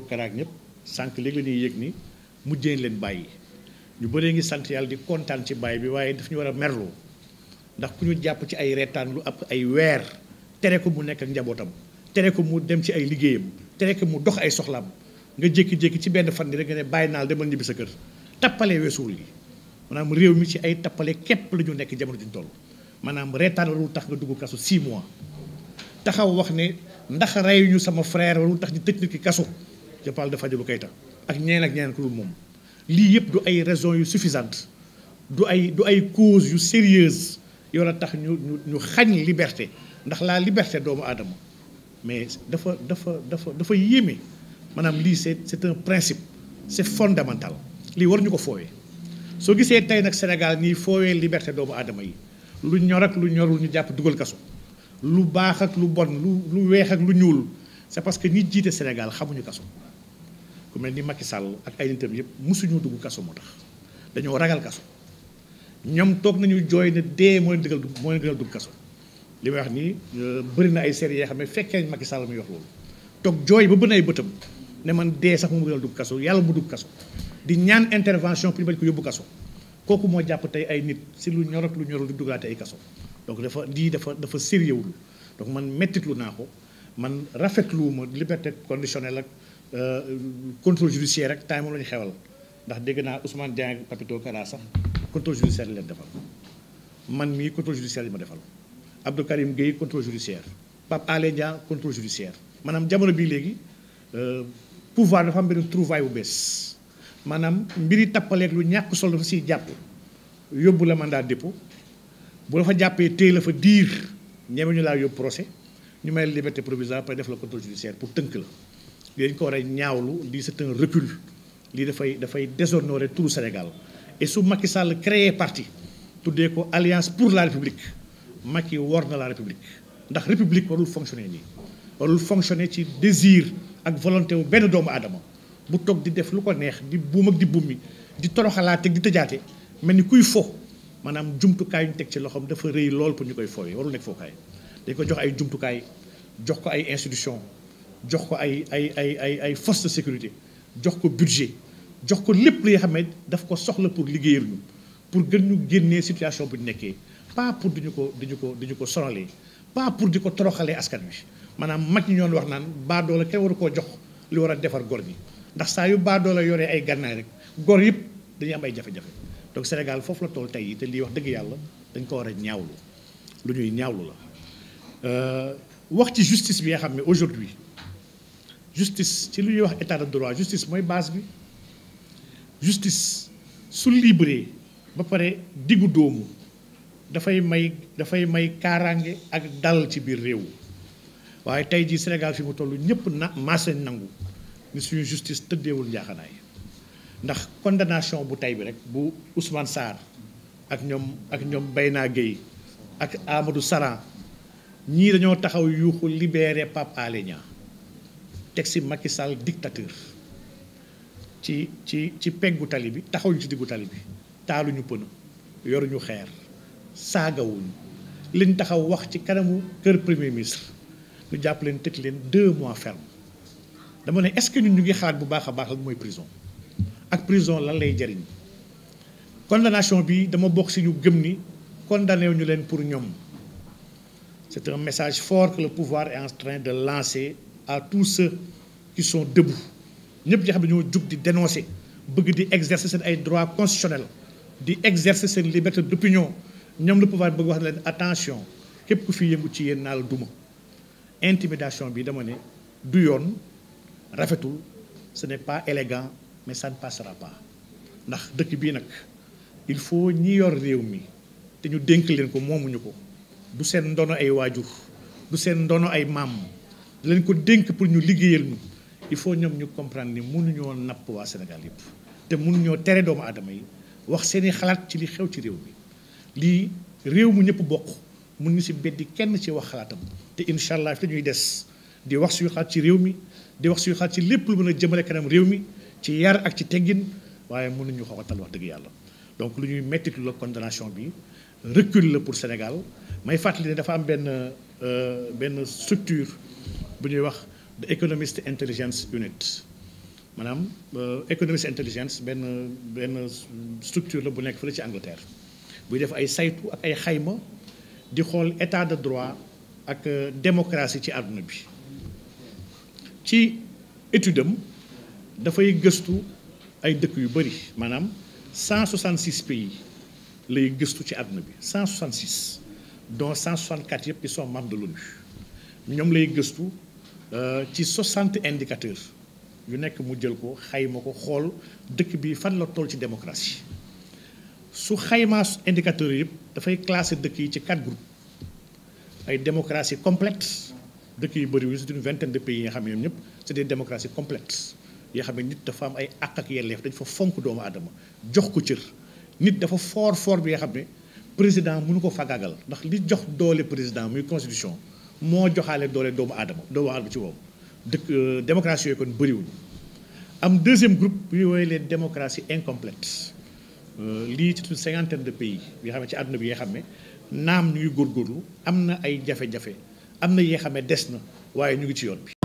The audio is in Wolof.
Sonko karaak ñëpp sànq léegi la ñuy yëg ni mujjee leen bàyyi ñu bëree ngi sant yàlla di kontaan ci bàyyi bi waaye daf ñu war a merloo ndax ku ñu jàpp ci ay reetaan lu ab ay weer tere ko mu nekk njabootam tere ko mu dem ci ay liggéeyam tere ko mu dox ay soxlaam nga jékki-jékki ci benn fan rek nga ne bàyyi naa naal demal ñibbi sa kër tappale weesuwul yi maanaam réew mi ci ay tappale képp la ñu nekk jamono juñ toll maanaam reetaan warul tax nga dugg kasu 6 mois taxaw wax ne ndax reyuñu sama frère warul tax ñu tëj nit kaso je parle de Fadilou Keita ak ñeen ak ñeen ku dul moom lii yëpp du ay raisons yu suffisantes du ay du ay causes yu sérieuses yoo la tax ñu ñu ñu xañ liberté ndax la liberté doomu aadama mais dafa dafa dafa dafa yéeme maanaam lii c'est c'est un principe c'est fondamental lii war ñu ko foowee soo gisee tey nag Sénégal ñiy foowee liberté doomu aadama yi lu ñor ak lu ñorul ñu jàpp dugal kaso lu baax ak lu bon lu lu weex ak lu ñuul c'est parce que ñi jiite Sénégal xamuñu kaso ku mel ni Macky Sall ak ay nitam yëpp mosuñu dugg kaso moo tax dañoo ragal kaso ñoom toog nañu jooy ne dee mooy leen dëggal moo leen dugg kaso li may wax nii euh, bëri na ay série yoo xam ne fekkee Macky Sall muy wax toog jooy ba bën ay bëtam ne man dee sax moom dëggal kaso yàlla mu kaso di ñaan intervention pour ñu bañ ko kooku moo jàpp tey ay nit si lu ñor lu ñorul di duggaate ay kaso donc dafa lii dafa dafa sérieux wul donc man mettitlu naa ko man rafetluwuma liberté conditionnelle ak Euh, contrôle judiciaire rek temps moom la ñu xewal ndax dégg naa Ousmane Dieng Papito Kara sax contrôle judiciaire la leen defal man mii contrôle judiciaire la ma defal Abdou Karim Gueye contrôle judiciaire Pape Alé Niang contrôle judiciaire maanaam jamono bii léegi euh, pouvoir dafa am benn trouvaille bu bees maanaam mbiri tappaleeg lu ñàkk solo dafa siy jàpp yóbbu la mandat dépôt bu la fa jàppee téye la fa diir ñeme ñu laay yóbbu procès ñu may liberté provisoire après def la contrôle judiciaire pour tënk la lii dañ ko war a ñaawlu lii c'est un lii dafay dafay déshonorer tout le Sénégal et su Macky sàll créer parti tuddee ko alliance pour la république Macky war na la république ndax république warul fonctionner nii warul fonctionner ci désir ak volonté wu benn doomu aadama bu toog di def lu ko neex di buum ak di mi di toroxalaate ak di tëjaate mel ni kuy fo maanaam jumtukaay ñu teg ci loxoom dafa rëy lool pour ñu koy fooyee warul nekk fookaay dañ ko jox ay jumtukaay jox ko ay institution jox ko ay ay ay ay ay force de sécurité jox ko budget jox ko lépp li nga xam ne daf ko soxla pour liggéeyal ñu pour gën ñu génnee situation bu ñu nekkee pas pour du ñu ko di ñu ko di ko sonalee pas pour di ko toroxalee askan wi maanaam mag ñi ñoon wax naan baadoola kenn waru koo jox li war a defar gor ñi ndax saa yu baadoola yore ay gànnaay rek gor yëpp dañuy am ay jafe-jafe donc Sénégal foofu la tool tey yi te lii wax dëgg yàlla dañ ko war a ñaawlu lu ñuy ñaawlu la euh, wax ci justice bi nga xam ne aujourd'hui justice ci lu ñuy wax état de droit justice mooy baas bi justice su libre ba pare diggu dóomu dafay may dafay may kaaraange ak dal ci biir réew waaye tey jii senegal fi mu toll ñëpp na maase nangu ni suñu justice tëddeewul njaaxanaay ndax condamnation bu tey bi rek bu Ousmane Sarr ak ñoom ak ñoom Bayna Gueye ak Amadou Saran ñii dañoo taxaw yuuxu libéré Pape Alé teg si Macky Sall dictateur ci ci ci peggu tali bi taxawuñu ci diggu tali bi taaluñu pëna ñu xeer saagawuñu liñ taxaw wax ci kanamu kër premier ministre ñu jàpp leen tëj leen deux mois ferme dama ne est-ce que ñun ñu ngi xalaat bu baax a baax lan mooy prison ak prison lan lay jariñ condamnation bi dama bokk si ñu gëm ni condamné ñu leen pour ñoom c'est un message fort que pouvoir est en train de lancer à tous ceux qui sont debout ñëpp ñi xam ne jug di dénoncer bëgg di exercer seen ay droits constitutionnels di exercer seen liberté d'opinion ñoom le pouvoir bëgg wax na leen attention képp ku fi yëngu ci yéen naal duma intimidation bi dama ne du yoon rafetul ce n'est pas élégant mais ça ne passera ndax dëkk bii nag il faut ñi yor réew mi te ñu dénk leen ko moomuñu ko du seen ndono ay waajur du seen ndono ay maam lañ ko dénk pour ñu liggéeyal ñu il faut ñoom ñu comprendre ni mënuñoo napp waa Sénégal yëpp te mënuñoo tere doomu aadama yi wax seeni xalaat ci li xew ci réew mi lii réew mu ñëpp bokk mun ñu si beddi kenn ci wax xalaatam te incha allah fi des di wax suy xalaat ci réew mi di wax suy xalaat ci lépp lu mën a jëmale kanam réew mi ci yar ak ci teggin waaye mënuñu xoxatal wax dëgg yàlla donc lu ñuy méttitu la condamnation bi recul la pour Sénégal may fàttali dafa am benn euh, benn structure bu ñuy wax the economist intelligence unit maanaam euh, economist intelligence benn benn structure la bu nekk fële ci Angleterre buy def ay saytu ak ay xayma di xool état de droit ak euh, démocratie ci àdduna bi ci étude am dafay gëstu ay dëkk yu bëri maanaam 166 pays lay gëstu ci àdduna bi 166 dont 164 yëpp ils sont de l'ONU ñoom lay gëstu Euh, ci 60 indicateurs yu nekk mu jël ko xayma ko xool dëkk bi fan la toll ci démocratie su xaymaa indicateurs yëpp dafay classer dëkk yi ci quatre groupes ay démocratie complète dëkk yi bëri wu c'est une vingtaine de pays yi nga xam ne ñoom ñëpp c'est des démocraties complètes yoo xam ne nit dafa am ay àq ak yelleef dañ fa fonk doomu aadama jox ko cër nit dafa fort fort bi nga xam ne président mënu ko fagaagal ndax li jox doole président muy constitution moo joxaale doole doomu aadama doomu aadama ci woowu dëkk euh, démocratie yooyu kon bëriwuñu am deuxième groupe bu ñu woowee les démocraties incomplètes euh, lii ci une de pays yoo xam ne ci àdduna bi nga xam ne naam ñu góor góorgóorlu am na ay jafe-jafe am na yoo xam ne des na waaye ñu ngi ci yoon bi